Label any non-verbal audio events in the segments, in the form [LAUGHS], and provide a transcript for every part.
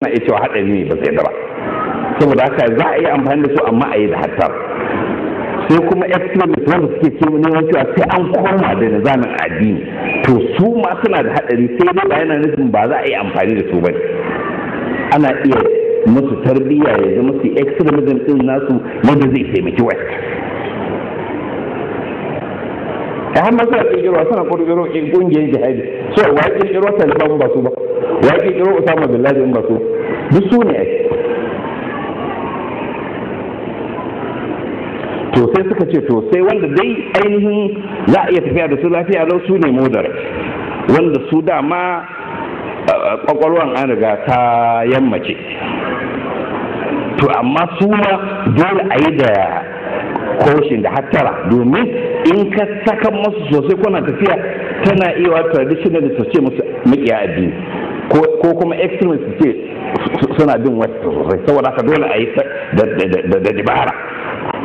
na iya cewa haɗari ne ba sai da ba saboda haka za a yi amfani da su amma a yi da hatar sai kuma extremist wanda suke ce wani cewa sai an koma da nizamin addini to su ma suna da haɗari sai dai ba yana nufin ba za a yi amfani da su ba ana iya musu tarbiyya ya zama su extremism din nasu wanda zai taimaki west da har masu kirkiro suna in ƙungiyar jihadi so wa ya kirkiro taliban ba su ba wa ya kirkiro usama bin laden ba su duk su ne ake to sai suka ce to sai wanda dai ainihin za a iya tafiya da su lafiya lau su ne modar wanda su dama ƙwaƙwalwan an riga ta yammace to amma su ma dole a yi da koshin da hattara domin in ka saka masu sosai kuna tafiya tana iya wa traditionalist su ce musu makiya addini ko kuma extremist ce suna bin west sosai saboda haka dole a yi da dibara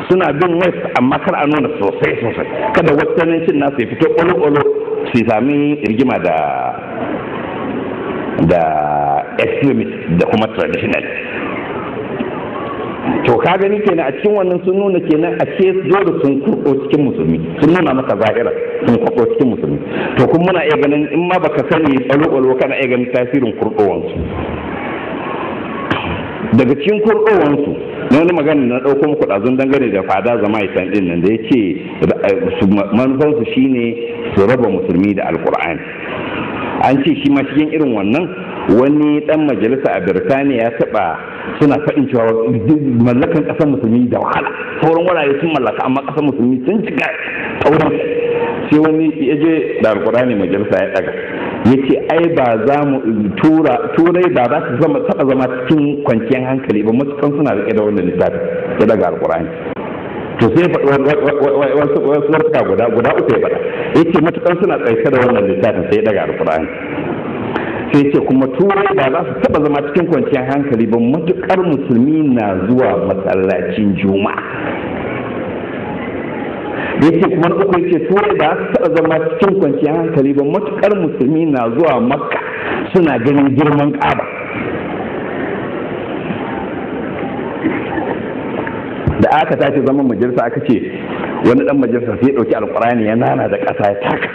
suna bin west amma kar a nuna sosai sosai kada wasanin nasu ya fito olo-olo su sami rigima da da extremist da kuma traditionalist to ka gani kenan a cikin wannan sun nuna kenan a ce dole sun kurko cikin musulmi sun nuna maka zahira sun kurko cikin musulmi to kuma muna iya ganin in ma baka sani ɓalo-ɓalo kana iya ganin tasirin kurɓowansu daga cikin kurɗowansu na wani magana na ɗauko muku ɗazun dangane da fada zama isan ɗin nan da ya ce manufansu shine su raba musulmi da alkur'ani an ce shi ma cikin irin wannan wani ɗan majalisa a birtaniya ya taɓa suna faɗin cewa mallakan ƙasar musulmi da wahala sauran wurare sun mallaka amma ƙasar musulmi sun cika taurin sai wani ya je da alkurani majalisa ya ɗaga ya ce ai ba za mu tura turai ba za su zama taɓa zama cikin kwanciyar hankali ba matukan suna riƙe da wannan littafi ya daga alƙurani to sai wasu wasu guda guda uku ya faɗa ya ce matukan suna tsaye da wannan littafin sai ya daga alƙurani. sai ce kuma turai ba za su taba zama cikin kwanciyar hankali ba matukar musulmi na zuwa masallacin juma'a ce kuma na uku ce turai ba za su taba zama cikin kwanciyar hankali ba matukar musulmi na zuwa makka suna ganin girman kaba da aka tashi zaman majalisa aka ce wani dan majalisa sai ya dauki alkurani ya nana da kasa ya taka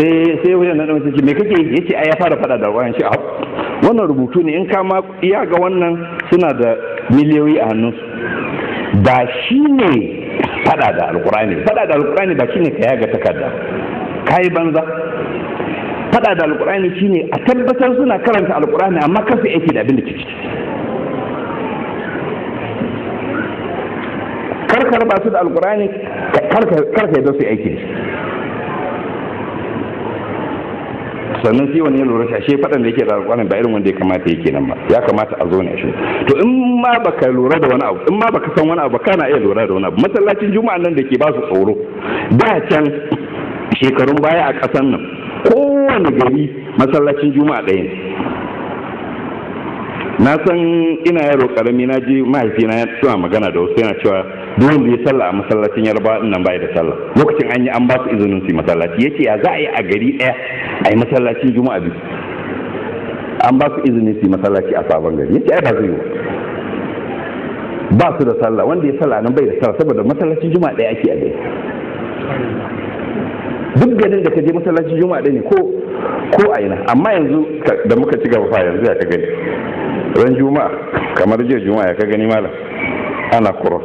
sai sai wajen na ɗan ce me kake ya ce ya fara faɗa da wayan shi a wannan rubutu ne in kama iya ga wannan suna da miliyoyi a su ba shi ne faɗa da alkurani fada da alkurani ba shi ne ka yaga takarda ka yi banza fada da alkurani shi ne a tabbatar suna karanta alkurani amma kasa yake da abin da ke ciki karkar ba su da alkurani karkar da su aiki sannan shi wani ya lura shi ashe fadan da yake da alƙawarin ba irin wanda ya kamata yake nan ba ya kamata a zo ne shi to in ma baka lura da wani abu in ma baka san wani abu kana iya lura da wani abu masallacin juma'a nan da ke ba su tsoro da can shekarun baya a kasan nan kowane gari masallacin juma'a ɗaya ne na san ina yaro karami na ji mahaifina ya suna magana da wasu yana cewa duk wanda ya sallah a masallacin yarba nan bai da sallah lokacin an yi an ba su izinin su masallaci yace ya za a yi a gari ɗaya a yi masallacin juma'a biyu an ba su izinin su masallaci a sabon gari yace ai ba zai yi ba su da sallah wanda ya sallah nan bai da sallah saboda masallacin juma'a ɗaya ake a gari duk garin da ka je masallacin juma'a ɗaya ne ko ko a ina amma yanzu da muka ci gaba fa yanzu ya ka gani ran juma'a kamar jiya juma'a ka gani malam ana cross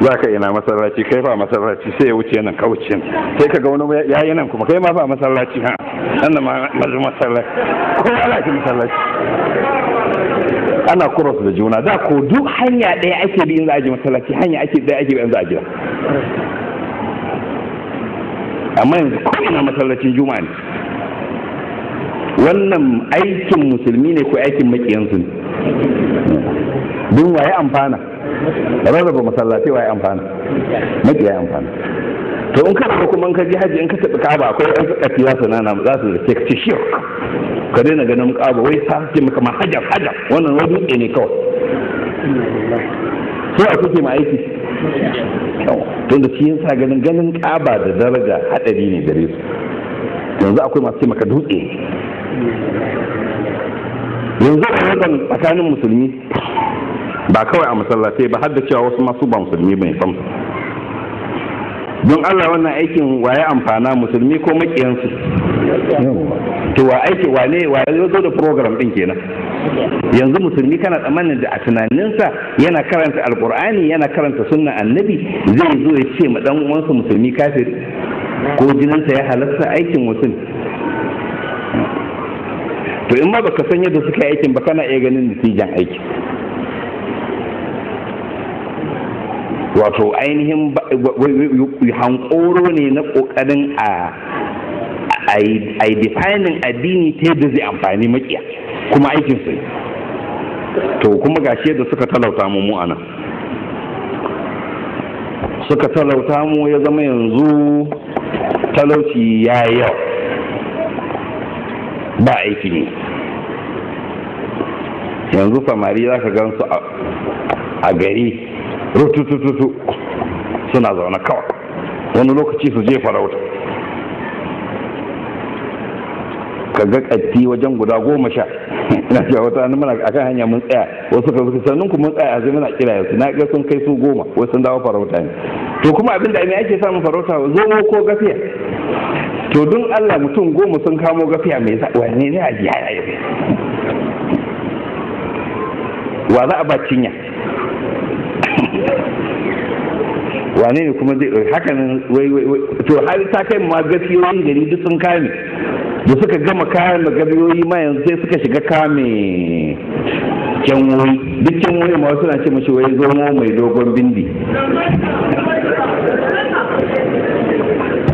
za ka ina masallaci kai ba masallaci sai ya wuce nan kauce sai ka ga wani ya yi nan kuma kai ma ba masallaci ha nan da mazu masallaci ko ala ki masallaci ana cross da juna da ko duk hanya ɗaya ake bi in za a ji masallaci hanya ake ɗaya ake bi in za a ji? amma yanzu kuma ina masallacin juma'a ne wannan aikin musulmi ne ko aikin makiyansu ne Don waye amfana rarraba masallaci waye amfana makiyaye amfana to in ka kuma in ka ji haji in ka tafi kaba akwai ɗan tsaka za sanana za su da ka ce ka daina ganin kaba wai ta ce maka ma hajar hajar wannan wani dutse ne kawai sai a kuke ma aiki tunda shi yin sa ganin ganin kaba da daraja hadari ne gare su yanzu akwai masu ce maka dutse yanzu a wajen tsakanin musulmi ba kawai a masallatai ba har da cewa wasu masu ba musulmi bai sam don Allah wannan aikin waye amfana musulmi ko makiyansu to wa aiki wa waye zo da program din kenan yanzu musulmi kana tsammanin da a tunaninsa yana karanta alkur'ani yana karanta sunna annabi zai zo ya ce ma dan uwansa musulmi kafir ko jininsa ya halarta aikin mutum to in ma baka san yadda suka yi aikin ba kana iya ganin natijan aiki wato ainihin hankoro ne na kokarin a ai defining addini ta yadda zai amfani makiya kuma aikin su to kuma gashi yadda suka talauta mu mu anan suka talauta mu ya zama yanzu talauci ya yau ba aikin yi yanzu samari za ka gansu a gari rututututu suna zaune kawai wani lokaci su je farauta ka ga ƙatti wajen guda goma sha [LAUGHS] na cewa wata mana muna akan hanya mun tsaya wasu ka suka sannan kuma mun tsaya sai muna kira yanzu na ga sun kai su goma wasu sun dawo farauta ne to kuma abin da ake samun farauta zomo ko gafiya to don Allah mutum goma sun kamo gafiya mai ne za a biya ya wa za a ba cinya wane ne kuma zai haka nan wai wai to har ta kai ma gafiyoyin gari duk sun kame da suka gama kayan da gabiyoyi ma yanzu sai suka shiga kame kyanwoyi duk kyanwoyi ma suna ce mashi wai zomo mai dogon bindi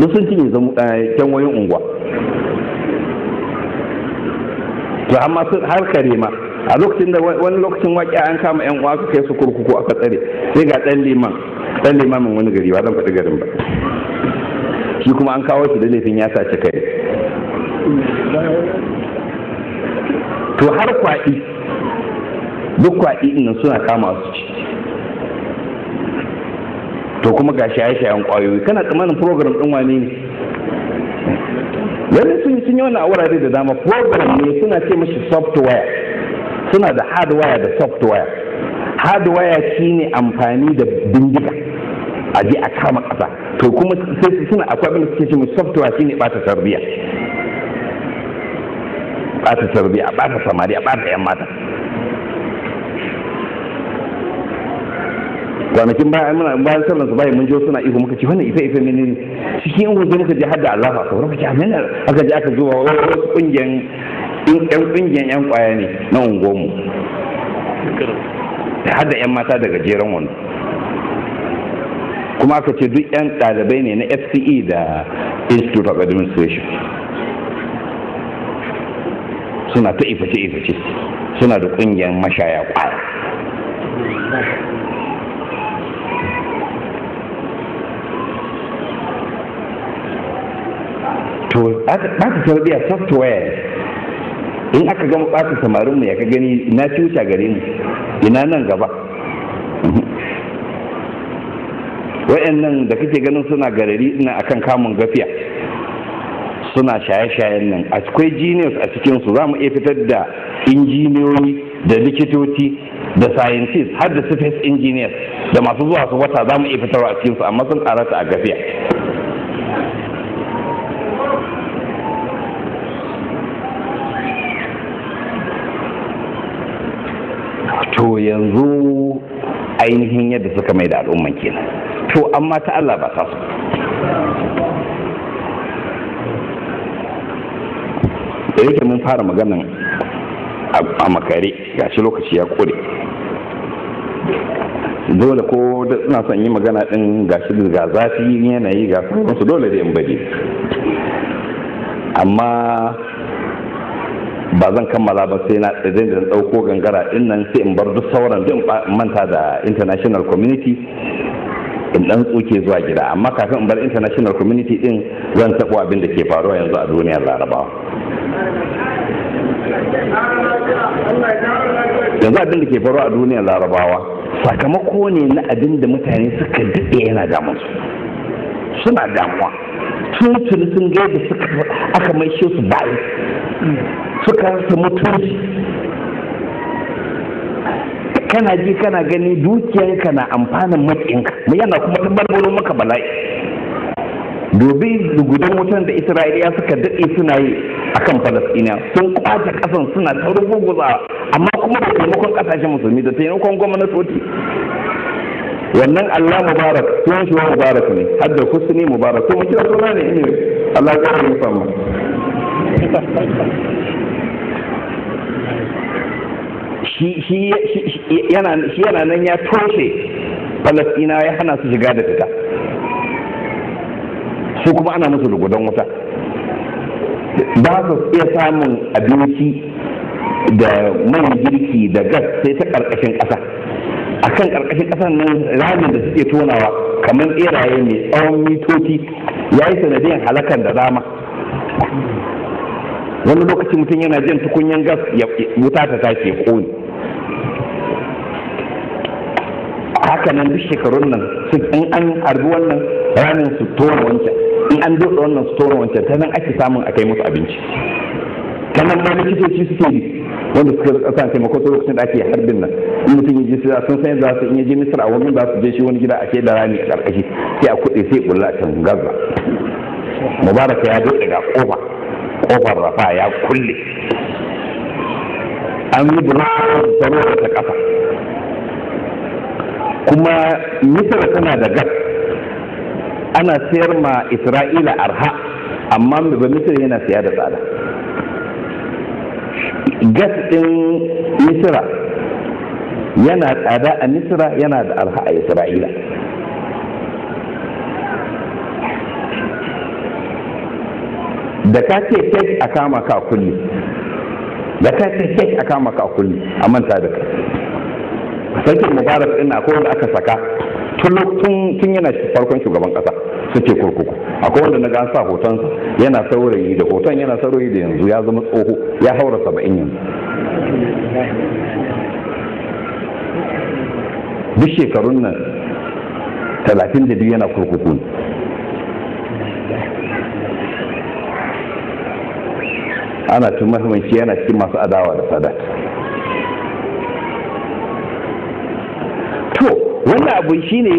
duk sun cinye eh, kyanwayin unguwa to amma sun har kare ma a lokacin da wani lokacin waƙi an kama yan uwa su kai su kurkuku aka tsare sai ga ɗan liman ɗan min wani gari ba zan faɗi garin ba shi kuma an kawo shi da laifin ya sace kai to har kwaɗi duk kwaɗi nan suna kama su ci to kuma ga shi shayen kwayoyi kana tsammanin program din wani ne lalle sun yi sun yi wani a wurare da dama program ne suna ce mashi software suna da hardware da software hardware ne amfani da bindiga a je a kama kasa to kuma sai suna akwai abin da suke ce mai software ne bata tarbiyya bata tarbiyya bata samari bata yan mata kwanakin baya muna bayan sallan su bayan mun je suna ihu muka ce wannan ife ife menene cikin ihu sai muka je hadda Allah fa sauran kace amin aka je aka zuwa wasu kungiyan ɗan kungiyan yan kwaya ne na ungomu hadda yan mata daga jeran wani kuma aka ce duk yan ɗalibai ne na FCE da Institute of Administration suna ta iface ce suna da kungiyan mashaya kwaya to ɓata tarbiyya software in aka gama ɓata samarin mu ya ka gani na cuta gare mu ina nan gaba [LAUGHS] wa'annan da kake ganin suna garari ina akan kamun gafiya suna shaye-shayen nan akwai genius a cikinsu za mu iya fitar da injiniyoyi da likitoci da scientists har da space engineers da masu zuwa su wata za mu iya fitarwa a cikinsu amma sun karata a gafiya to yanzu ainihin yadda suka mai da al'umman kenan to amma ta Allah ba ta da yake mun fara maganan a makare gashi lokaci ya kure dole ko suna son yi magana din gashi ga zafi yanayi ga sauransu dole da in bari amma ba zan kammala ba sai na tsirin da ɗauko gangara in nan sai in bar duk sauran duk manta da international community in dan tsoke zuwa gida amma kafin in bar international community din zan tabo abin da ke faruwa yanzu a duniyar larabawa yanzu abin da ke faruwa a duniyar larabawa sakamako ne na abin da mutane suka daɗe yana damun su suna damuwa tun tun sun ga suka aka shi su bayi suka rasa mutunci kana ji kana gani dukiyanka na amfanin matsinka yana kuma barbaro maka bala'i dobi gudan wutan da isra'iliya suka daɗe suna yi a kan falasɗina sun kwace ƙasan suna ta ruguguzawa amma kuma da taimakon ƙasashen musulmi da taimakon gwamnatoci wannan allah mubarak sun shi mubarak ne har da ne mubarak ko kira suna ne ne allah ya musamman shi yana nan ya toshe Falasɗina ya hana su shiga da fita su kuma ana musu rugudan wuta ba su iya samun abinci da man girki da gas sai ta ƙarƙashin kasa a kan ƙarƙashin ƙasan nan ramin da suke tonawa kamar ɓeraye mai tsawon mitoci ya yi sanadiyar halakan da dama wani lokaci mutum yana jin tukunyan gas ya wuta ta tashi ya haka nan duk shekarun nan in an harbi wannan ranar su tona wancan in an dotsa wannan su tona wancan ta nan ake samun a kai musu abinci ta nan ma likitoci suke yi wanda suka sa taimako ta lokacin da ake harbin nan in mutum ya ji sun san za su in ya je misra a wurin za su je shi wani gida a ke da rami a karkashi sai a kuɗe sai bulla can gaza mubaraka ya dotsa ga kofa kofar rafa ya kulle an yi bulla ta kafa kuma misir tana da gas ana sayar ma isra'ila arha amma ba misir yana siya da tsada gas ɗin misira yana tsada a misira yana da arha a isra'ila da ka ce kek a kama ka kulli da ka ce kek a kama ka kulli a manta da kai sarkin mubarak din akwai wanda aka saka tun yana farkon shugaban kasa suke kurkuku akwai wanda na gasa hoton yana saurayi da hoton yana saurayi da yanzu ya zama tsoho ya haura saba'in yanzu duk shekarun nan talatin da biyu yana kurkuku ne ana cin mahimmanci yana cikin masu adawa da sadat wannan abu shi ne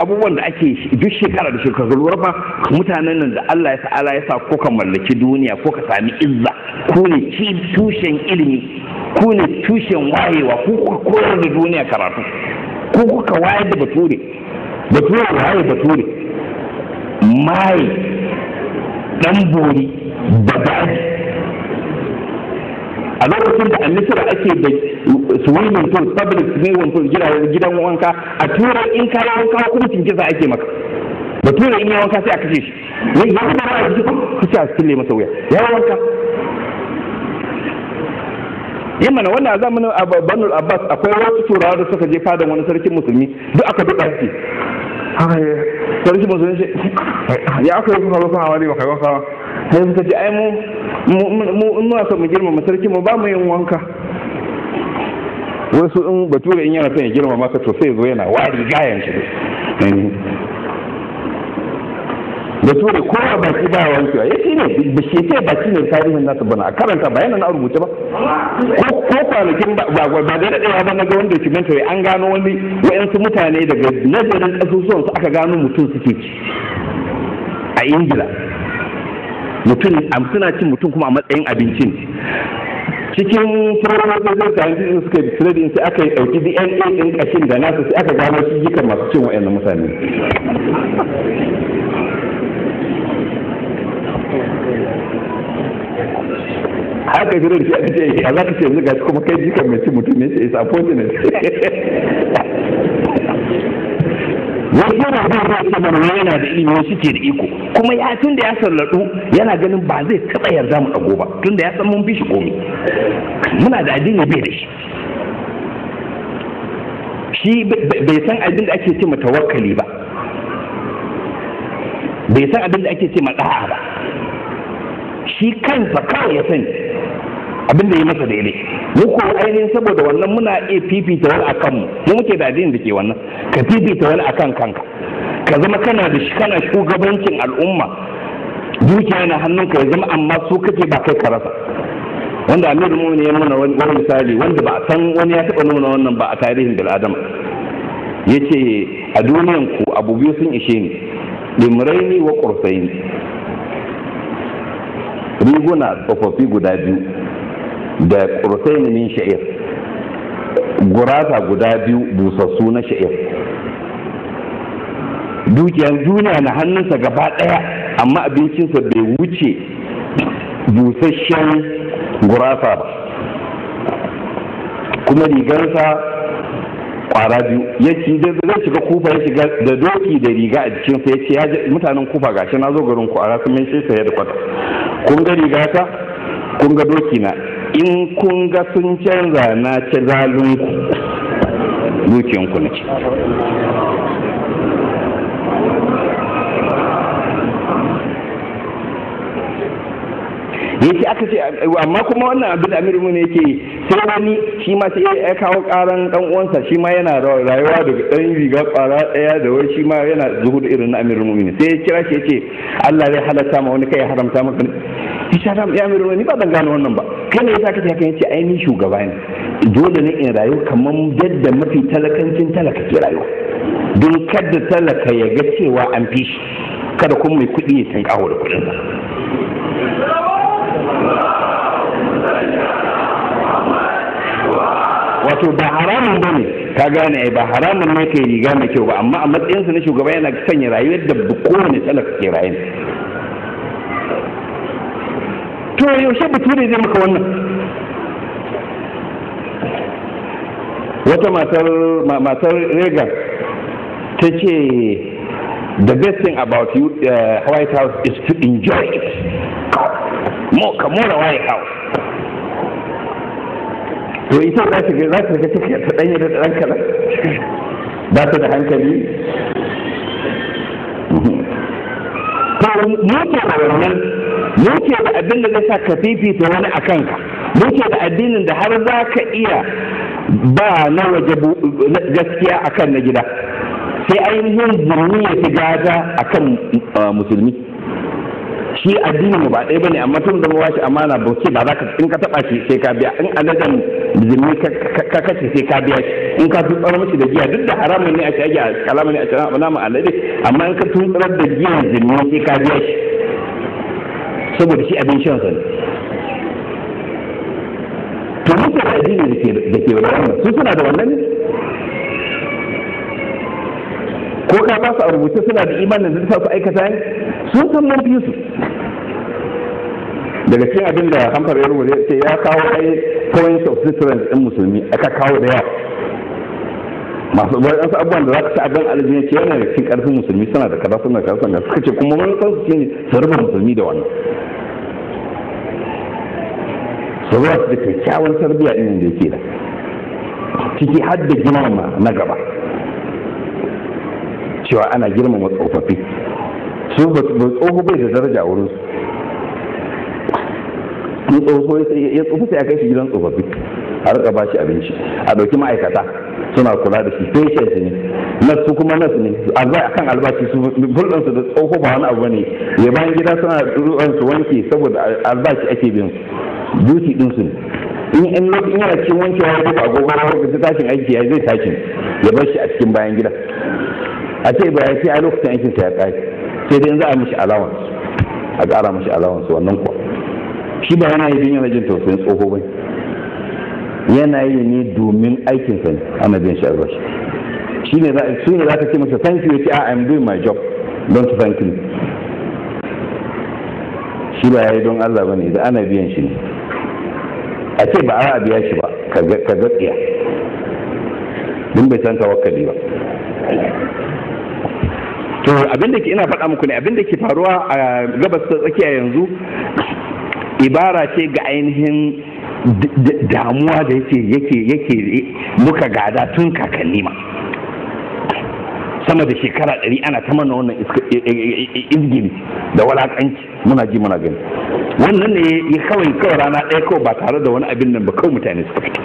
abubuwan da ake duk shekara da shekaru ba mutanen nan da Allah ya sa'ala ya sa ko ka mallaki duniya ko ka sami izza ku ne tushen ilimi ku ne tushen wayewa ku kuka koyar da duniya karatu ku kuka wayar da bature bature waye bature mai dan bori da a lokacin da a ake da swimming pool public swimming gidan wanka a tura in ka wanka kuma hukuncin kisa ake maka Ba tura in yi wanka sai a kashe shi ne ya kuma a jiki ku ce a masa wuya ya yi wanka yi mana wannan a banul abbas akwai wasu turawa da suka je fadan wani sarkin musulmi duk aka duka shi sarkin musulmi ya aka yi kuma awali wanka ba sai mu mu mu girmama sarkin mu ba mu yin wanka wasu in bature in yana son ya girma maka to sai zo yana wari gayan shi bature ko a baki ba wankewa ya shi ne da shi ce baki ne tarihin nasu bana a karanta ba yana na rubuce ba ko kwanakin ba ba da daɗewa ba na ga wanda kimanta an gano wani wa'yansu mutane daga nazarin ƙasusuwan su aka gano mutum suke ci a ingila mutum suna cin mutum kuma a matsayin abincin cikin sauran wajen yanzu su suka yi trading sai aka yi ɗauki dna din kashin da nasu sai aka gano shi jikar masu cin wa'annan mutane haka jiran shi a ce a za ka ce yanzu gashi kuma kai jikar mai cin mutum ne ce is appointment wasu yana zai su da yana da ilimi suke da iko kuma ya tun da ya salladu yana ganin ba zai taɓa yarda mu ɗago ba tun da ya san mun bi shi komi muna da addini bai da shi shi bai san abin da ake ce ma tawakkali ba bai san abin da ake ce ma ɗa'a ba shi kansa kawai ya sani abin da ya masa daidai mu ko ainihin saboda wannan muna iya fifita wani akan mu mu muke da addinin da ke wannan ka fifita wani akan kanka ka zama kana da shi kana shugabancin al'umma dukiya na hannunka ya zama amma su kake ba kai ka rasa wanda amir ne ya nuna wani misali wanda ba a san wani ya taba nuna wannan ba a tarihin bil'adam ya ce a duniyan ku abu biyu sun ishe ni limraini wa ƙursaini riguna tsofaffi guda biyu da ƙursayin sha'ir gurasa guda biyu busassu na sha'ir dukiyar duniya na hannunsa gaba ɗaya amma abincinsa bai wuce busasshen gurasa ba kuma rigarsa kwara biyu ya ci zai shiga kufa ya shiga da doki da riga a jikinsa ya ce mutanen kufa gashi na zo garin kwara sun mai sai saye da kwata kun ga riga ta kun ga doki na in kun ga sun canza na ci zalunku dukiyarku nake yace aka ce amma kuma wannan abin amir mun yake sai wani shi ma sai ya kawo karan dan uwansa shi ma yana rayuwa daga dan riga kwara daya da wai shi ma yana zuhud irin na amirul mu'minin sai ya kira shi yace Allah zai halatta ma wani kai ya haramta maka ni shi haram ya amirul mu'minin ba dan gano wannan ba kai ne yasa kace haka yace ai ni shugaba ne dole ne in rayu kaman yadda mafi talakancin talaka ke rayuwa don kada talaka ya ga cewa an fi shi kada kuma mai kuɗi ya san kawo da kuɗinsa wato ba haramun ba ne ka gane ba haramun ne ka riga mai kyau ba amma a matsayinsa na shugaba yana sanya rayuwar da kowane talaka ke rayu to yaushe ne zai maka wannan wata matar rega ta ce the best thing about you, uh, white house is to enjoy it ka mora waye kawo to ita za ta za ta ga take ta danye da ɗan kalan ba ta da hankali to mu ke da wannan mu ke da abin da sa ka fifita wani a kanka mu ke da addinin da har za ka iya ba na waje gaskiya akan na gida sai ainihin zulmi ya fi gada akan uh, musulmi shi addinin mu ba ɗaya bane amma tun zama wace amana ba bauke ba za ka in ka taba shi sai ka biya in alajan zimmi ka kace sai ka biya shi in ka tuntsar mashi da giya duk da haramun ne a ce ake kalamun ne a ci namu alade amma in ka tuntsar da giya zimmi sai ka biya shi saboda shi abin shan sa ne to mutum addini da ke da ke wannan su suna da wannan ne ko ka ba su a rubuce suna da imanin da su aikata ne sun san laifin su daga cikin abin da hamfar ya rubuta ce ya kawo ai points of difference in musulmi aka kawo da yawa masu wadansu abubuwan da za ka ci a gan aljini ce yana da cikin ƙarfin musulmi suna da kada suna da kaza suna suka ce kuma wani san ce ne su rufe musulmi da wannan su zuwa su da kyakkyawan tarbiyya ɗin da yake da ciki har da girmama na gaba cewa ana girmama tsofaffi su ba tsoho bai da daraja wurin su in tsoho ya tsofa sai a kai shi gidan tsofaffi a rika ba shi abinci a ɗauki ma'aikata suna kula da shi patient ne nas su kuma nas ne a kan albashi su bulɗan su da tsoho ba wani abu ne ya bayan gida suna ruwan su wanke saboda albashi ake bin duki din su in in lokacin yana cikin wankewa ko ba gobe ba lokacin tashin aiki ya zai tashin ya bar shi a cikin bayan gida a ce ba ya ce a lokacin aikin sa ya kai sai dai za a mishi allowance a ƙara mishi allowance wannan kuwa shi ba yana yi yana jin tausayin tsoho ba yana yi ne domin aikin sa ne ana jin shi albashi shi ne za su ne za ka ce masa thank you ce a ah, am doing my job don't thank me shi ba ya yi don Allah ba ne da ana biyan shi ne a ce ba a biya shi ba ka gatsiya din bai san tawakkali ba to abin da ke ina faɗa muku ne abin da ke faruwa a gabas ta tsakiya yanzu ibara ce ga ainihin damuwa da yake yake yake muka gada tun kakanni ma sama da shekara ɗari ana ta mana wannan izgili da walakanci muna ji muna gani wannan ne ya kawai kawai rana ɗaya kawai ba tare da wani abin nan ba kawai mutane suka fito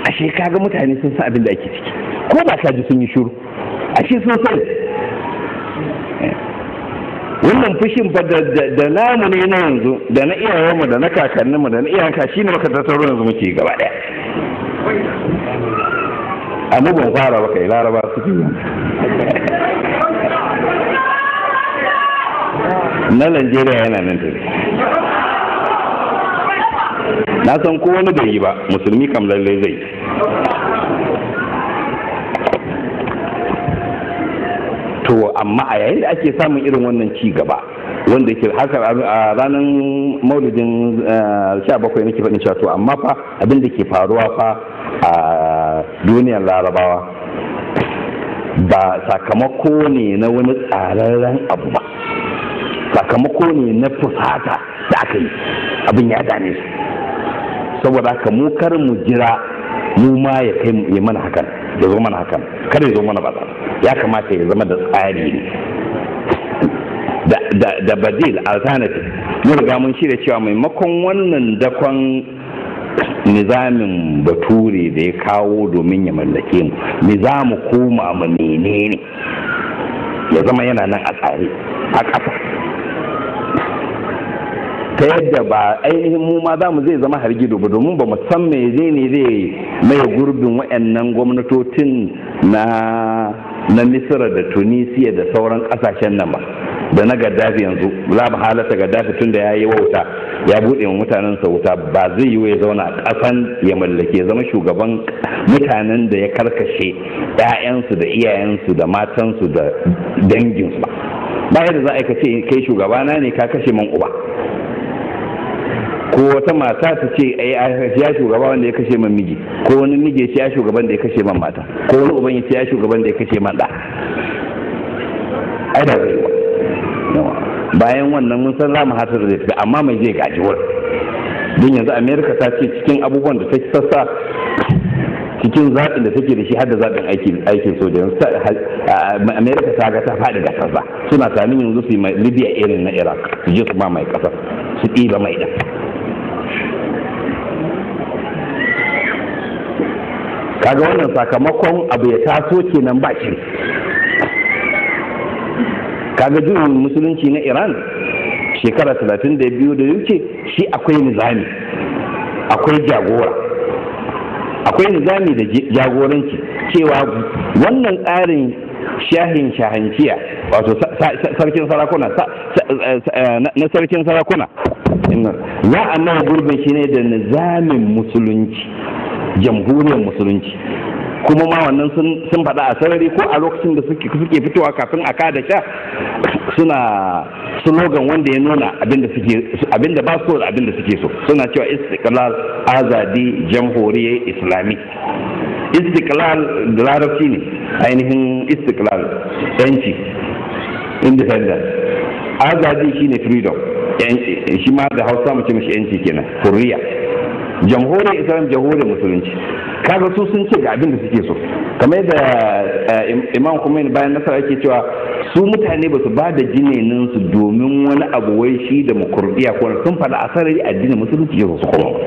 A shekara mutane sun sa abin da ake ciki ko ba sa ji sun yi shuru a shi sun wannan fushin ba da namu ne na yanzu da na iyayenmu da na kakanninmu da na iyayenka shi ne maka ruwan yanzu muke gaba ɗaya A mugun fara ba kai laraba su fi na Najeriya yana nan tafi na san ko wani bai yi ba musulmi kam lallai zai to amma a yayin da ake samun irin wannan ci gaba wanda ke haka a ranar maulidin 17 eh, nake faɗin cewa to amma fa abin da ke faruwa fa a duniyar larabawa ba sakamako ne na wani tsararren abu ba sakamako ne na fusata da aka yi abin ya gane su saboda haka mu kar mu jira mu ma ya kai ya mana hakan ya zo mana hakan kada ya zo mana ba ya kamata ya zama da tsari ne da badil alternative mun riga mun shirya cewa maimakon wannan dakon nizamin bature da ya kawo domin ya mallake mu nizamu koma mu menene ya zama yana nan a tsari a ƙasa ta yadda ba ainihin mu ma mu zai zama hargido ba domin ba mu san me zai ne zai mai gurbin waɗannan gwamnatocin na na misira da tunisiya da sauran ƙasashen nan ba da na gaddafi yanzu la halata gaddafi tun da ya yi wauta ya buɗe wa mutanen sa wuta ba zai yi ya zauna a ƙasan ya mallake zama shugaban mutanen da ya karkashe 'ya'yansu da iyayensu da matansu da danginsu ba ba yadda za a ce kai shugabana ne ka kashe man uba ko wata mata ta ce ai ya shugaba wanda ya kashe man miji ko wani miji ya shugaban da ya kashe man mata ko wani uban ya ya shugaban da ya kashe man da ai da zai bayan wannan mun san za mu hatar da tafi amma mai zai gaji wani don yanzu america ta ce cikin abubuwan da ta sassa cikin zaɓin da take da shi har da zaɓin aikin sojan soja america ta ga ta faɗi da kasa suna sami yanzu su yi libya irin na iraq su je su ba mai kasa su ɗiba mai ɗan. kaga wannan sakamakon abu ya taso kenan ba shi kaga juyin musulunci na iran shekara talatin da biyu da shi akwai nizami akwai jagora akwai nizami da jagoranci cewa wannan tsarin shahin shahanciya wato sarkin sarakuna eh, na sarkin sarakuna za a mawa gurbin shi ne da nizamin musulunci jamhuriyar musulunci kuma ma wannan sun faɗa a sarari ko a lokacin da suke fitowa kafin a kada sha suna slogan wanda ya nuna abin da ba su da abin da suke so suna cewa istiklal azadi jamhuriyar islami istiklal da larabci ne ainihin istiklal yanci independent azadi shine freedom shi ma da hausa mace mashi yanci kenan kuriya jamhuriyar islam jamhuriyar musulunci kaga su sun ce ga abin da suke so kamar yadda eh, imam kuma bayan nasara yake cewa su mutane ba su ba da jinenin su domin wani abu wai shi da makurdiya ko sun faɗa a sarari addinin musulunci ya su kuma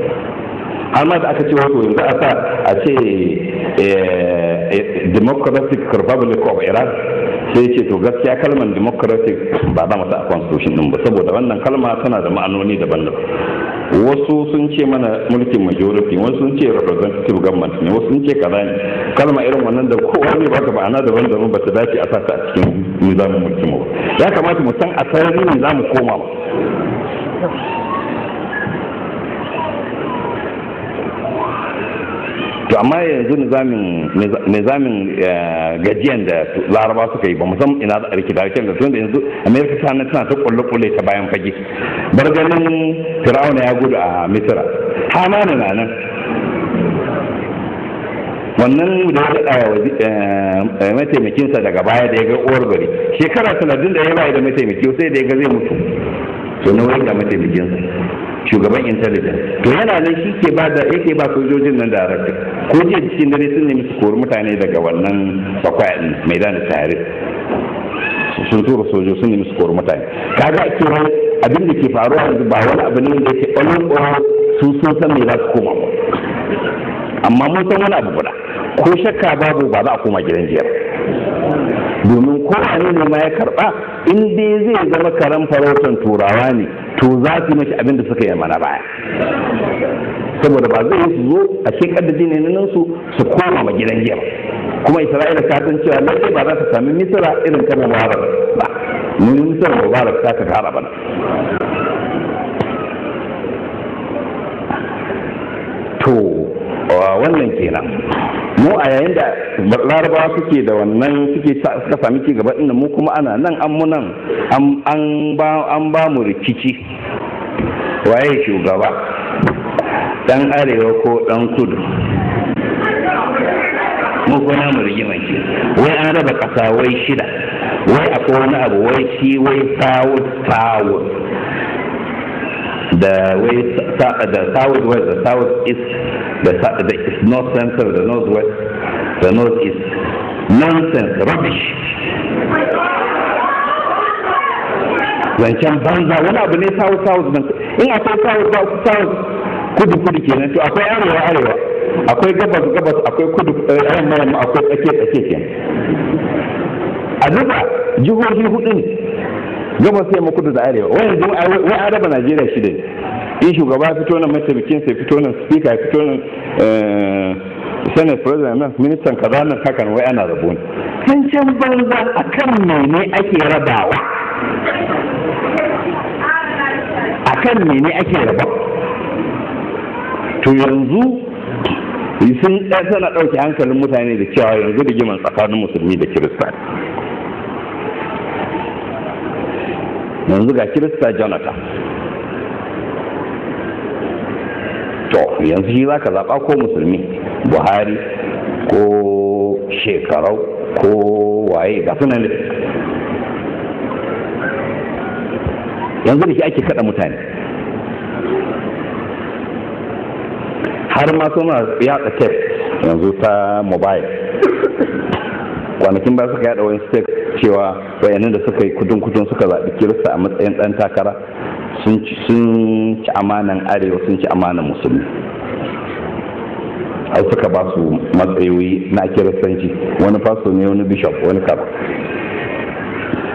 har ma da aka ce wato yanzu a sa a ce eh, eh, democratic republic of iran sai ce to gaskiya kalmar democratic ba za mata a constitution din ba saboda wannan kalma tana da ma'anoni daban-daban wasu sun ce mana mulkin majority wasu sun ce representative government ne wasu sun ce kaza ne kalma irin wannan da kowa ne baka ba ana daban daban ba ta dace a sata a cikin nizamin mulkin mu ya kamata mu san a ne za mu koma ba to amma yanzu nizamin eh, gajiyan da laraba suka yi ba mu ina za a rikida rikida da tun da yanzu amerika ta tana ta kulle kulle ta bayan fage bar ganin fir'auna ya gudu a misira hamanu na nan wannan da ya daɗa wa eh, eh, mataimakinsa daga baya da ya ga uwar bari. shekara sanadin da ya bayi da mataimaki sai da ya ga zai mutu to na wani da mataimakinsa shugaban intelligence to yana nan shi ke ba da yake ba sojojin nan da ko jiya cikin dare sun nemi su kori mutane daga wannan bakwai mai da tare sun tura sojo sun nemi su kori mutane kaga kiran abin da ke faruwa yanzu ba wani abu ne da yake ɓalon ɓoro su sun san me za su koma ba amma mun san wani abu guda ko shakka babu ba za a koma gidan jiya domin kowane ne ma ya karɓa in dai zai zama karen farautan turawa ne to za su mashi abin da suka yi mana baya saboda ba zai su zo a shekar da nan su su koma ma gidan giya kuma isra'ila ta san cewa lallai ba za ta sami misira irin kanan ba ba mun san mubarak ta ka kara bana to wannan kenan mu a yayin da larabawa suke da wannan suke ta sami ci gaba inda mu kuma ana nan an mu nan an ba mu rikici waye shugaba dan arewa ko dan kudu mu kuma mu rigima ce. wai an raba kasawai shida wai akwai wani abu wai shi wai sawud sawud da wai da sawud west da sawud east da north central da north west da north east nonsense rubbish zancen banza wani abu ne south south ban in akwai ba south south kudu kudu kenan to akwai arewa arewa akwai gabas gabas akwai kudu eh, yamma yamma akwai tsake tsake kenan a duka jihohi hudu ne gabas sai kudu da arewa yanzu wai araba najeriya shi ne in shugaba fito nan mataimakin sai fito nan speaker fito nan eh, senate president nan ministan kaza nan hakan wai ana rabo ne can can banza a kan mene ake rabawa a kan mene ake rabawa to yanzu sun ɗaya sana ɗauke hankalin mutane da cewa yanzu da giman tsakanin musulmi da kirista yanzu ga kirista jonathan to yanzu shi za ka zaɓa ko musulmi buhari ko shekarau ko waye ga sunan yanzu da shi ake kada mutane har ma suna yatsa tef yanzu ta mobile kwanakin ba suka yada wani state cewa bayanan da suka yi kudin kudin suka zaɓi kirista a matsayin ɗan takara sun ci amanan arewa sun ci amanan musulmi ai suka ba su matsayoyi na kiristanci wani fasto ne wani bishop wani kaba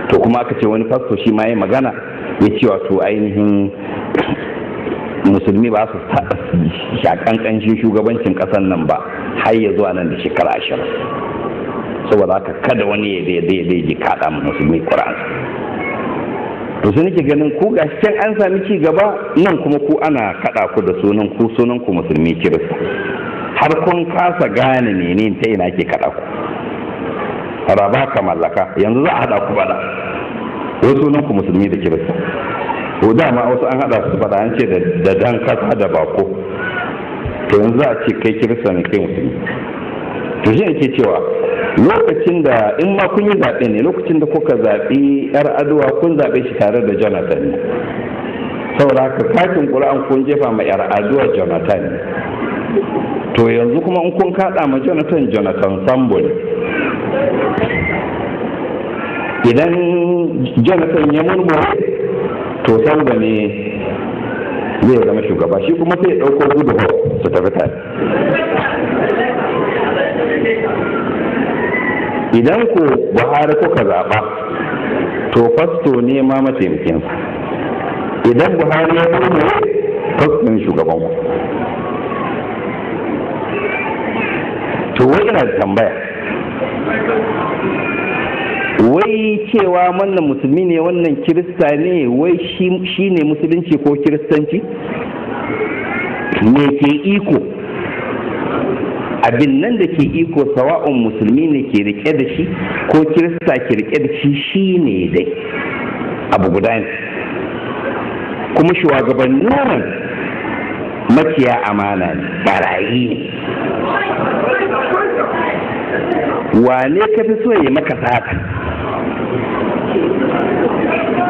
to kuma aka ce wani fasto shi ma ya magana ya cewa wato ainihin musulmi ba su shakan kanshin shugabancin kasan nan ba har ya zuwa nan da shekara ashirin saboda haka kada wani ya daidai daidai kaɗa mu musulmi ƙura'an to sai ke ganin ku ga can an sami ci gaba nan kuma ku ana kaɗa ku da sunan ku sunan ku musulmi kirista har kun kasa gane ne ta ina ke kaɗa ku raba ka mallaka yanzu za a haɗa ku bada ko sunan ku musulmi da kirista ko dama wasu an haɗa su faɗa an ce da dan kasa da bako to yanzu za a ce kai kirista ne kai musulmi to shi ake cewa lokacin da in ma kun yi zaɓe ne lokacin da kuka zaɓi yar aduwa kun zaɓe shi tare da jonathan ne saboda haka katin ƙura'an kun jefa ma yar aduwa jonathan ne to yanzu kuma in kun kaɗa ma jonathan jonathan sambo idan jonathan ya murmure to sambo ne zai zama shugaba shi kuma sai ya ɗauko gudu su tafi tare idan ku buhari kuka zaɓa to fasto ne ma mataimakinsa idan buhari ya kuma fasto ne shugaban to wai ina da tambaya wai cewa wannan musulmi ne wannan kirista ne wai shi ne musulunci ko kiristanci me ke iko abin nan da ke iko sawa'un musulmi ne ke rike da shi ko kirista ke rike da shi shi ne dai abu guda ne kuma shugabannin nan makiya amana ne barayi ne wane ka fi so ya maka sata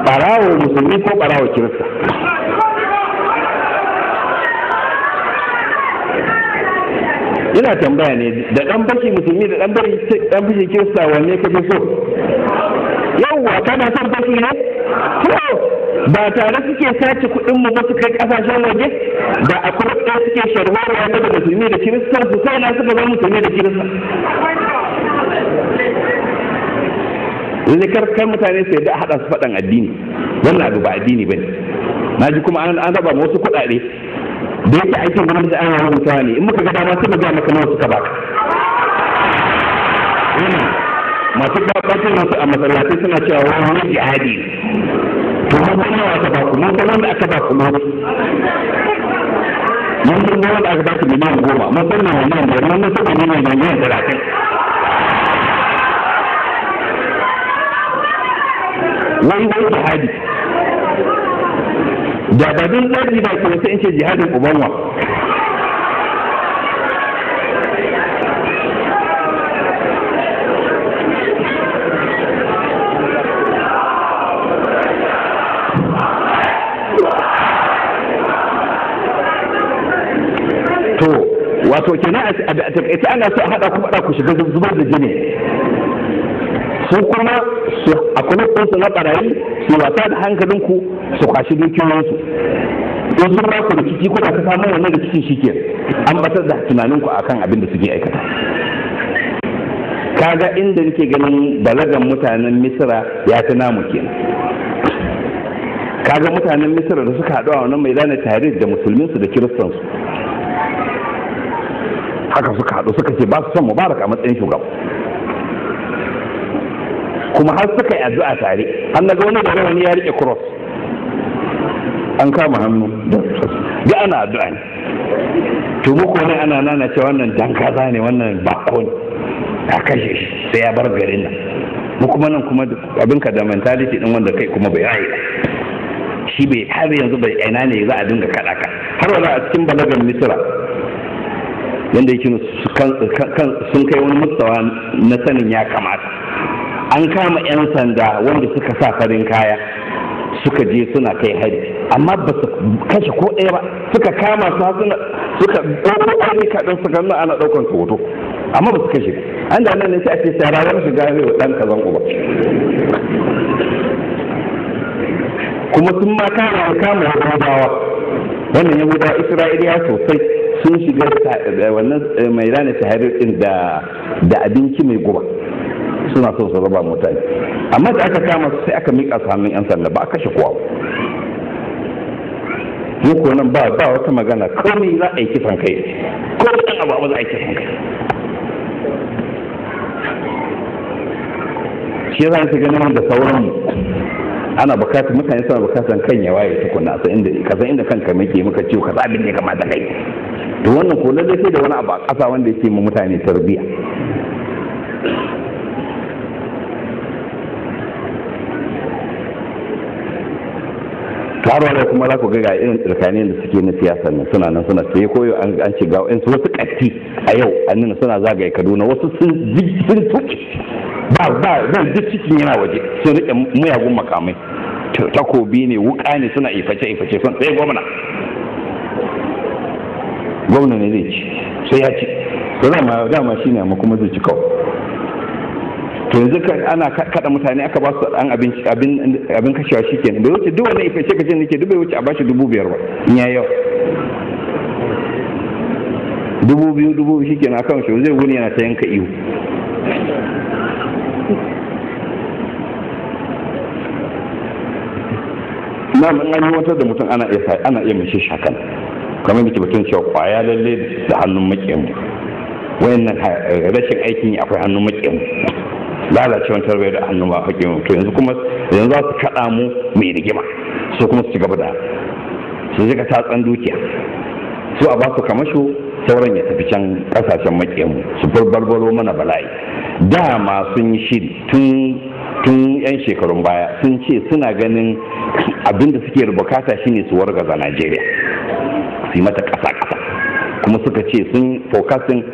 barawo musulmi ko barawo kirista ina tambaya ne da dan baki musulmi da dan bari dan baki kirista wanne ka fi so yawwa kana son baki ne ko ba tare suke sace kuɗin mu ba su kai kasashen waje da akwai ɗaya suke sharwarwa ta da musulmi da kirista su sai na suka zama musulmi da kirista zikar kar mutane sai da hada su faɗan addini wannan abu ba addini bane na ji kuma an raba wasu kuɗaɗe da yake aikin gudun da yi rubuta ne in muka ga dama sai mu ga maka nawa suka baka masu gabatar nasu a masallatai suna cewa wani jihadi to mun kuma aka ba ku mun kuma wanda aka ba ku mun mun kuma wanda aka ba ku goma mun san na wannan da mun san na wannan da miliyan talatin wani wani jihadi da ba duk lardi sai ce jihadin ubanwa to wato kenan a takaice ana so a haɗa kuma ku shiga zubar da jini su kuma su a kuma na barayi su wasa da hankalinku su kwashi dukiyoyinsu to sun ba da rikici kuna ta samu wannan shi shike an batar da tunanin ku akan abin da suke aikata kaga inda nake ganin balagan mutanen misira ya fi namu kenan kaga mutanen misira da suka haɗu a wannan mai zane tare da musulminsu da kiristansu haka suka haɗu suka ce ba su son mubarak a matsayin shugaba kuma har suka yi addu'a tare an daga wani da wani ya rike cross an kama hannu da ana addu'a ne to muku ne ana nana ce wannan dan ne wannan bako ne a kashe shi sai ya bar garin nan mu kuma nan kuma abin ka da mentality din wanda kai kuma bai yi. shi bai har yanzu bai aina ne za a dinga kada ka har wala a cikin balagan misira wanda yake sun kai wani mutsawa na sanin ya kamata an kama 'yan sanda wanda suka sa farin kaya suka je suna kai hari amma ba su kashe ko ɗaya ba suka kama su suna suka ɗauko ɗari kaɗan suka nuna ana ɗaukan su hoto amma ba su kashe an da nan ne sai ake sararar shiga gane wa ɗan kazan uba kuma sun ma kama wa kama wa yahudawa wannan yahudawa isra'iliya sosai sun shiga eh, wannan eh, mai ranar shaharar ɗin da abinci mai guba suna so su raba mutane amma da aka kama sai aka miƙa su hannun 'yan sanda ba a kashe kowa mu ko nan ba ba wata magana komai za a yi kisan kai ko komai abu abu za a yi kisan kai shi yasa nake ganin da sauran ana bukatar mutane suna bukatar kan ya waye tukuna sai inda ka san inda kanka muke muka ciwo ka abin da ya kamata kai to wannan ko lalle sai da wani abu a ƙasa wanda yake mu mutane tarbiyya to har kuma za ku ga irin tsirkanin da suke na siyasa ne suna nan suna sai koyo an ce ga su wasu katti a yau an nuna suna zagaye Kaduna wasu sun sun tuki ba ba zan duk cikin yana waje sun riƙe muyagun makamai takobi ne wuka ne suna iface iface sun sai gwamna gwamna ne zai ci sai ya ci dama dama shine amma kuma zai ci kawai to yanzu ana kada mutane aka ba su dan abin abin abin kashewa shikenan bai wuce duk wani iface kace nake duk bai wuce a bashi dubu biyar ba in ya yau dubu biyu dubu biyu shikenan akan shi zai wuni yana ta yanka iyo na mun an wata da mutum ana iya ana iya mishi shakan kamar da ke batun cewa kwaya lalle da hannun makiyan mu wayannan rashin aikin akwai hannun makiyan mu lalacewar tarbiyya da hannun ba hakkin to yanzu kuma yanzu za su kaɗa mu mai rigima su kuma su ci gaba da su jika tatsan dukiya su a ba su kamasho sauran ya tafi can kasashen makiyanmu su barbaro mana bala'i dama sun yi shiri tun yan shekarun baya sun ce suna ganin abin da suke bukata shine su wargaza najeriya su yi mata kasa kasa kuma suka ce sun fokasin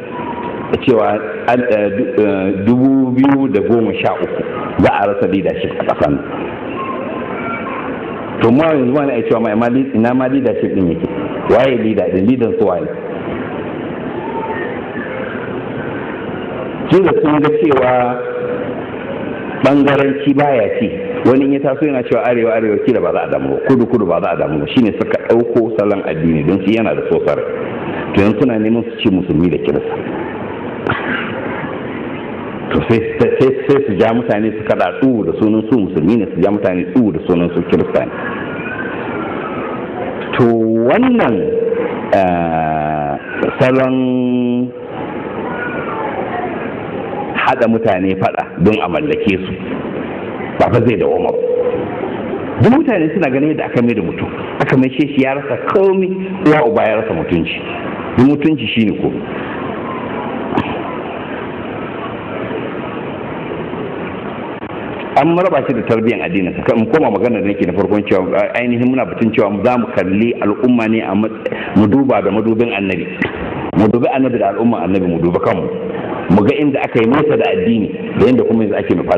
cewa eh, eh, dubu biyu da goma sha uku za a rasa leadership a kasan to ma yanzu wani a cewa mai ina ma leadership din yake waye leader din leader su waye da sun ga cewa bangaranci baya ci wani ya taso yana cewa arewa arewa da ba za a damu kudu kudu ba za a damu ba shine suka ɗauko salon addini don su yana da sosar to yanzu suna neman su ce musulmi da kirista to sai su ja mutane su kada tsubu da sunan su musulmi ne su ja mutane tsubu da sunan su kirista ne to wannan eh, salon hada mutane fada don a mallake su ba fa zai dawo ba duk mutane suna ganin yadda aka mai da mutum aka mai shi ya rasa komi uwa uba ya rasa mutunci duk mutunci shine komi. an raba shi da tarbiyyar addini ka mu koma magana da nake na farkon cewa ainihin muna batun cewa za mu kalli al'umma ne a mu duba da madubin annabi mu dubi annabi da al'umma annabi mu duba kanmu mu ga inda aka yi nesa da addini da yadda kuma yanzu ake nufa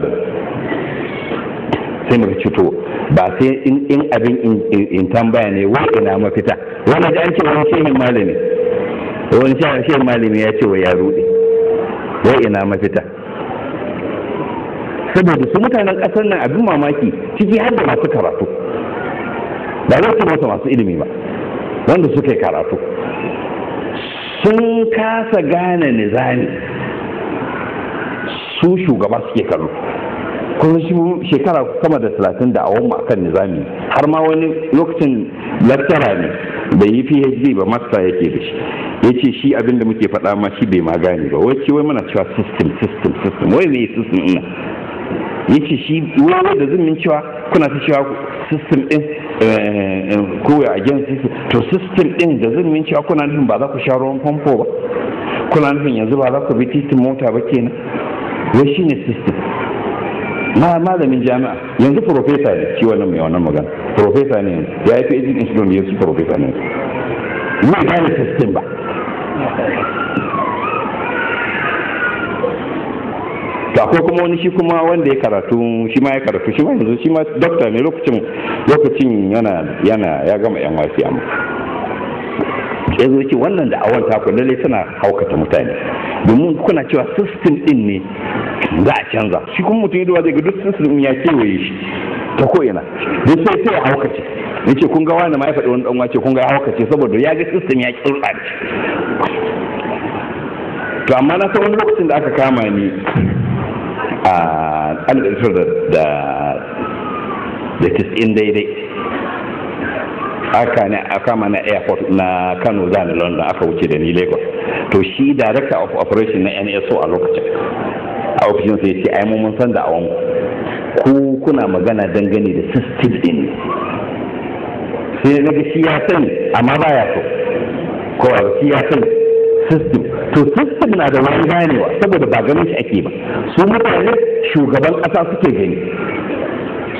sai mu ci to ba sai in abin in tambaya ne wa ina mafita wannan da an ce wani shehin malami wani shehin malami ya ce wa ya rude wai ina mafita saboda su mutanen ƙasar nan abin mamaki ciki har da masu karatu ba za su masa masu ilimi ba wanda suka yi karatu sun kasa gane nizami su shugaba suke kallo kuma shi shekara kama da talatin da awon akan nizami har ma wani lokacin lattara ne bai yi phd ba masta yake da shi ya ce shi abinda muke faɗa ma shi bai ma gane ba wai wai muna cewa system system system wai mai system ina yace shi wani da zumin cewa kuna ta cewa system din kowai a gen system to system din da zumin cewa kuna nufin ba za ku sha ruwan famfo ba kuna nufin yanzu ba za ku bi titin mota ba kenan wai shine system na malamin jami'a yanzu profesa ne shi wannan mai wannan magana profesa ne ya yi fi ejin islam ya su profesa ne mai gane system ba to akwai kuma wani shi kuma wanda ya karatu shi ma ya karatu shi ma yanzu shi ma dokta ne lokacin lokacin yana yana ya gama yan wasi amma ya zo ce wannan da awon ta ku lalle tana haukata mutane domin kuna cewa system din ne za a canza shi kuma mutum yadda zai ga duk system ya kewaye shi ta ko ina don sai sai ya haukace ya ce kun ga wani ma ya faɗi wani ɗan wace kun ga ya haukace saboda ya ga system ya kirɓace to amma na san wani lokacin da aka kama ni a alif da daidai aka ne aka mana airport na kano ni london aka wuce da ni lagos to shi director of operation na nso a lokacin a ofishin sai ce ai mun san da awon ku kuna magana dangane da system din sai na ga shi ya sani amma ba ya so ko shi ya sani system to system mutum na da wani ganewa saboda ba ganin shi ake ba su mutane shugaban ƙasa suke gani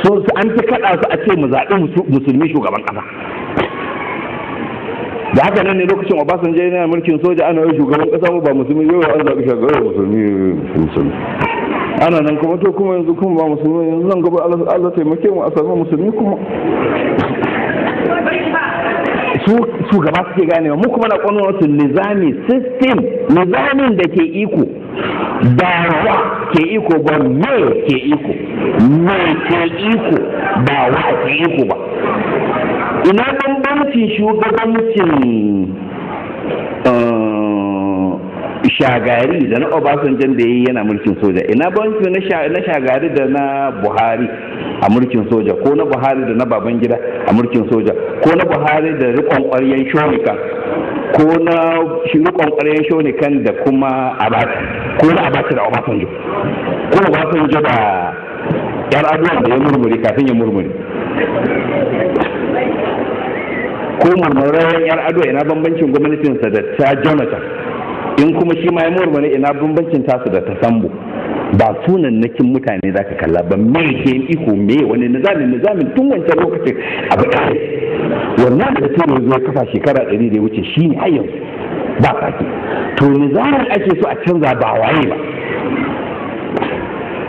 su an ta kaɗa su a ce mu zaɓi musulmi shugaban ƙasa da haka nan ne lokacin obasanjo yana mulkin soja ana yi shugaban ƙasa ba musulmi yau an zaɓi shugaban musulmi musulmi ana nan kuma to kuma yanzu kuma ba musulmi yanzu zan gaba Allah taimake mu a samu musulmi kuma su shugaba suke ganewa mu kuma na kwano wasu nizami system nizamin da ke iko da wa ke iko ba me ke iko me ke iko ba wa ke iko ba ina bambancin shugabancin eh, shagari da na obasanjo da ya yi yana mulkin soja ina banki na shagari da na buhari a mulkin soja ko na buhari da na babangida a mulkin soja ko na buhari da rikon ƙwaryen shonika ko na rikon ƙwaryen shonikan da kuma abaci ko na abaci da obasanjo ko obasanjo da yar aduwan da ya murmuri kafin ya murmuri ko murmurar yar aduwa ina bambancin gwamnatinsa da ta jonathan in kuma shi ma ya murmure ina bambancin tasu da tasambu ba sunan nakin mutane zaka kalla ba me ke iko me wani nizamin nizamin tun wancan lokacin abu ɗaya wannan da yanzu zuwa kafa shekara ɗari da ya wuce shi ne har ba kaki. to nizamin ake so a canza ba waye ba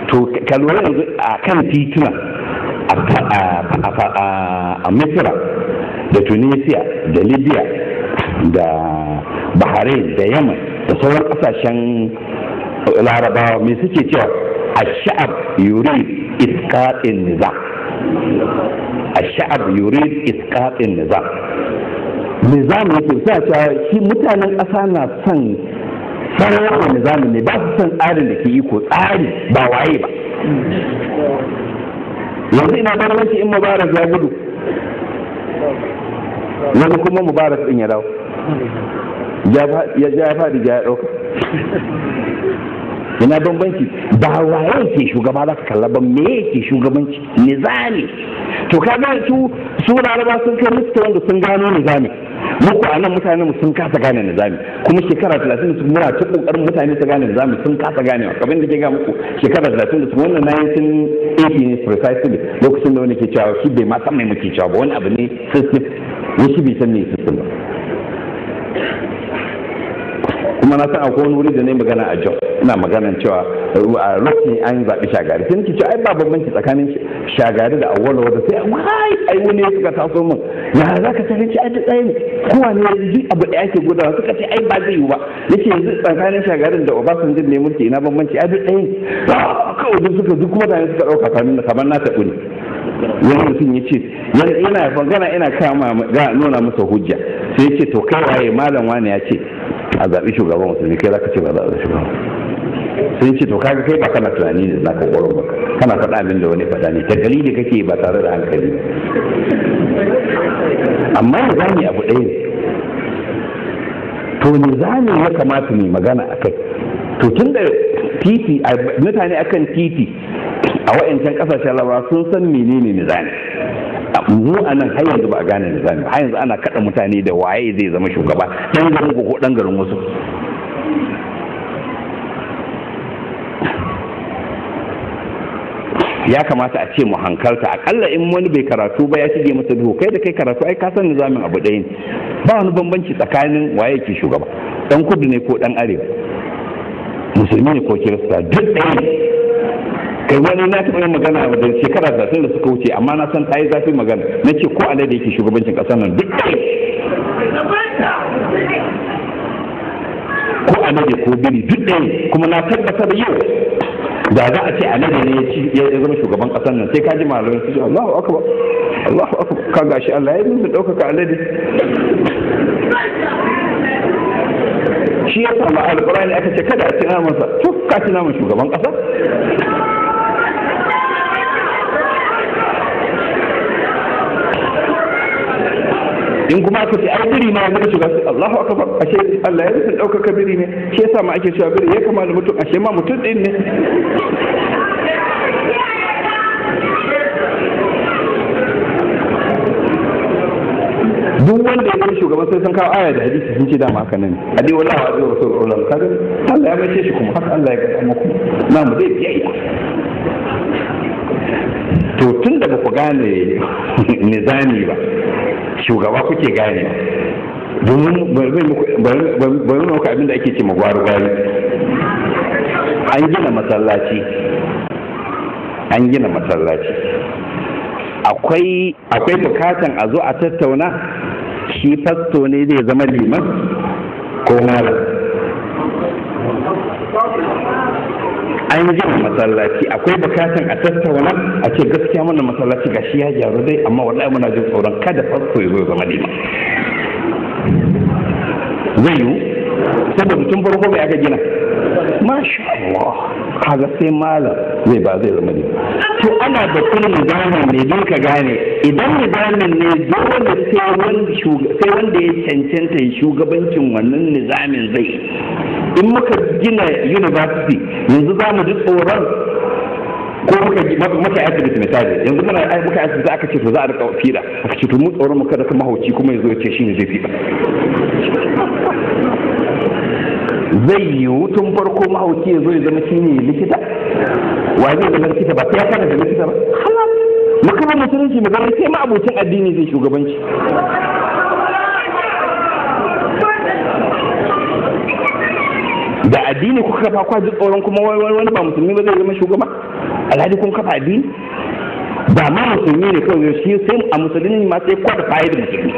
to ka yanzu a kan tituna a misira da tunisia da libya da bahrain da yaman da sauran kasashen larabawa mai suke cewa a sha'ab yurid iskatsin niza a sha'ab yurid iskatsin niza nizam yake sa cewa shi mutanen ƙasa na son sarrafa nizamin ne ba su son tsarin da ke iko tsari ba waye ba yanzu ina barbanci in mubarak ya gudu wani kuma mubarak din ya dawo ya ja faɗi ya ɗauka [LAUGHS] ina bambanci ba waye ke shugaba za ka kalla ba me yake shugabanci nizami to ka ga su su laraba sun kai musu wanda sun gano nizami muku a nan mutane mu sun kasa gane nizami kuma shekara talatin da su mura ta kokarin mutane su gane nizami sun kasa gane kamar da ke ga muku shekara talatin da su wannan sun ake ne precisely lokacin da wani ke cewa shi bai ma san mai muke cewa ba wani abu ne system wasu bai san mai sun ba kuma na san akwai wani wuri da na yi magana a jos ina maganan cewa a rukni an zaɓi shagari sai nake cewa ai ba bambanci tsakanin shagari da awwalo da sai wai ai wani ya suka taso min ya za ka tare ci ai da tsaye ne kowa ne yanzu abu da yake gudawa suka ce ai ba zai yi ba yake yanzu tsakanin shagarin da obasanjo ne mulki ina bambanci ai da tsaye ne kawai duk suka duk kuma da suka ɗauka kamar na ta ne wani mutum ya ce yana fangana ina kama nuna masa hujja sai ya ce to kai waye malam wani ya ce a zaɓi shugaban musulmi kai za ka ce ba za a shugaban sun ce to kaga kai ba kana tunani da na ƙwarin ba kana faɗa abin da wani faɗa ne tagali da kake ba tare da hankali amma ya zami abu ɗaya to ne zami ya kamata mu magana a kai to tun da titi mutane akan titi a wa'ancan kasashen larabawa sun san menene nizami mu a nan har yanzu ba a gane da zami har yanzu ana kaɗa mutane da waye zai zama shugaba ɗan garin ko ɗan garin wasu ya kamata a ce mu hankalta akalla in wani bai karatu ba ya shige masa duhu kai da kai karatu ai ka san nizamin abu ɗaya ne ba wani bambanci tsakanin waye ke shugaba dan kudu ne ko dan arewa musulmi ne ko kirista duk ɗaya kai wani na ta yi magana da shekara zafin da suka wuce amma na san ta yi zafin magana na ce ko alai da yake shugabancin ƙasar nan duk ɗaya ko alade ko biri duk ɗaya kuma na tabbatar yau da za a ce alade ne ya zama shugaban ƙasar nan sai ka ji malamai su ce Allahu akbar Allahu akbar ka gashi Allah ya nuna ɗaukaka alade shi ya sa alƙur'ani aka ce kada a ci namansa to ka ci shugaban ƙasa in kuma aka ce ai biri ma yanzu shiga sai Allahu akbar ashe Allah ya rufe daukaka biri ne shi yasa ma ake cewa biri ya kamata mutum ashe ma mutum din ne duk wanda ya zama shugaban sai sun kawo aya da hadisi sun ce dama haka nan a dai wala wa zai wasu rolan kaga Allah ya bace shi kuma haka Allah ya ga kuma na mu zai biya to tun da ba ku gane [LAUGHS] nizami ba shugaba kuke gane domin bari muku abin da ake ce magwaru gwari an gina masallaci an gina masallaci akwai bukatan a zo a tattauna shi fasto ne zai zama liman ko malam ainihin masallaci akwai bukatan a tattauna a ce gaskiya mana masallaci gashi ya gyaru dai amma wallahi muna jin tsoron kada fasto ya zo zama lima zai yiwu saboda tun farko bai aka gina masha Allah kaga sai malam zai ba zai zama lima to ana da kullum gane ne don ka gane idan nizamin ne dole sai wanda ya cancanta shugabancin wannan nizamin zai in muka gina university yanzu za mu ji tsoron ko muka yi asibiti misali yanzu muna muka asibiti aka ce to za a rika fiɗa aka ce to mu tsoron mu kada ka mahauci kuma yanzu zo ya ce shi ne zai fiɗa zai yiwu tun farko mahauci ya ya zama shine likita wa zai zama likita ba sai ya kana da likita ba halal makarar musulunci magana sai ma abucin addini zai shugabanci da addini kuka kafa kwa ji tsoron kuma wani ba musulmi ba zai zama shugaba alhali kun kafa addini ba ma musulmi ne kawai shi sai a musulmi ma sai kwada da musulmi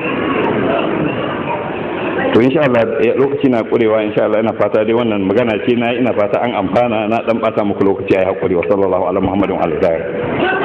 to insha Allah eh, lokaci na kurewa insha Allah ina fata dai wannan magana ce na ina fata an amfana na dan bata muku lokaci ayi hakuri wa sallallahu sallam muhammadin alaihi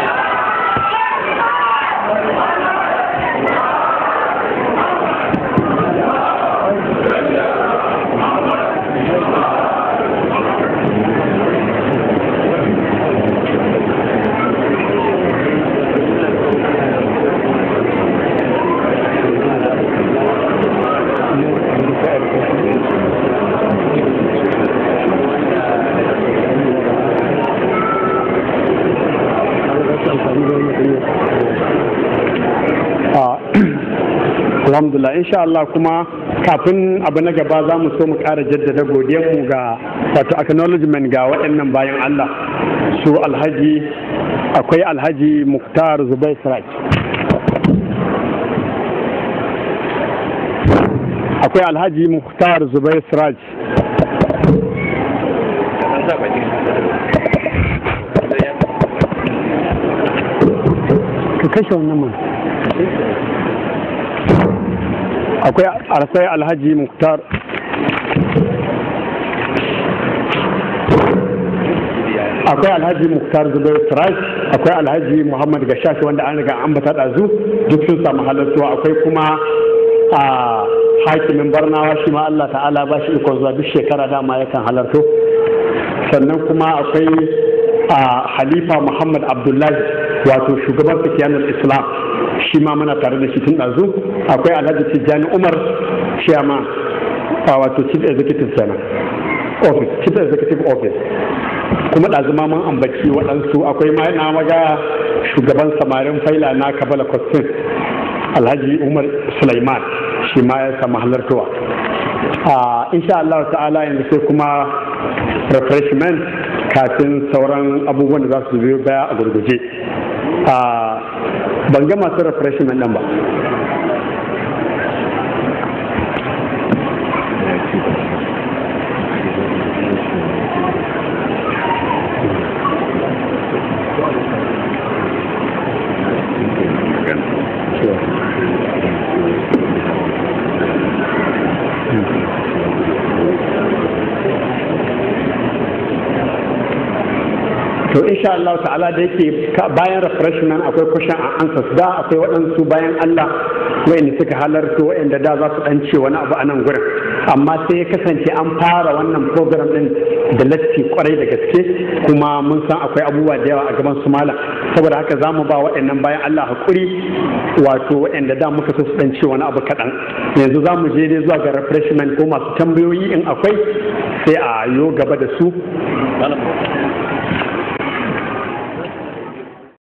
alhamdulillah insha Allah kuma kafin abu na gaba za mu so mu ƙara jaddada godiyar mu ga wato acknowledgement ga waɗannan bayan Allah su alhaji akwai alhaji Muktar Zubair Siraj akwai alhaji Muktar Zubair Siraj kashe wannan mana akwai arsai alhaji muktar akwai alhaji muktar zubair trash akwai alhaji muhammad gashashi wanda an riga an bata ɗazu duk sun samu halartuwa akwai kuma a hakimin barnawa shi ma allah ta'ala ba shi ikon zuwa duk shekara dama yakan halarto sannan kuma akwai a halifa muhammad abdullahi wato shugaban fitiyanar islam shi ma muna tare da shi tun ɗazu akwai alhaji tijjani umar shiyama a wato chief executive kenan office chief executive office kuma ma mun ambaci waɗansu akwai ma na maga shugaban samarin faila na kabala kwastin alhaji umar sulaiman shi ma ya sami halartowa insha Allah ta'ala yanzu sai kuma refreshment kafin sauran abubuwan da za su biyo baya a gurguje Ah, ban ga masu refreshment ɗin ba insha Allah ta'ala da yake bayan refreshment akwai kushin and answers da akwai waɗansu bayan Allah wayanda suka halarta wayanda da za su dan ce wani abu a nan gurin amma sai ya kasance an fara wannan program din da latti kwarai da gaske kuma mun san akwai abubuwa da yawa a gaban su malam saboda haka za mu ba waɗannan bayan Allah hakuri wato waɗanda da muka so su dan ce wani abu kaɗan yanzu za mu je dai zuwa ga refreshment ko masu tambayoyi in akwai sai a yo gaba da su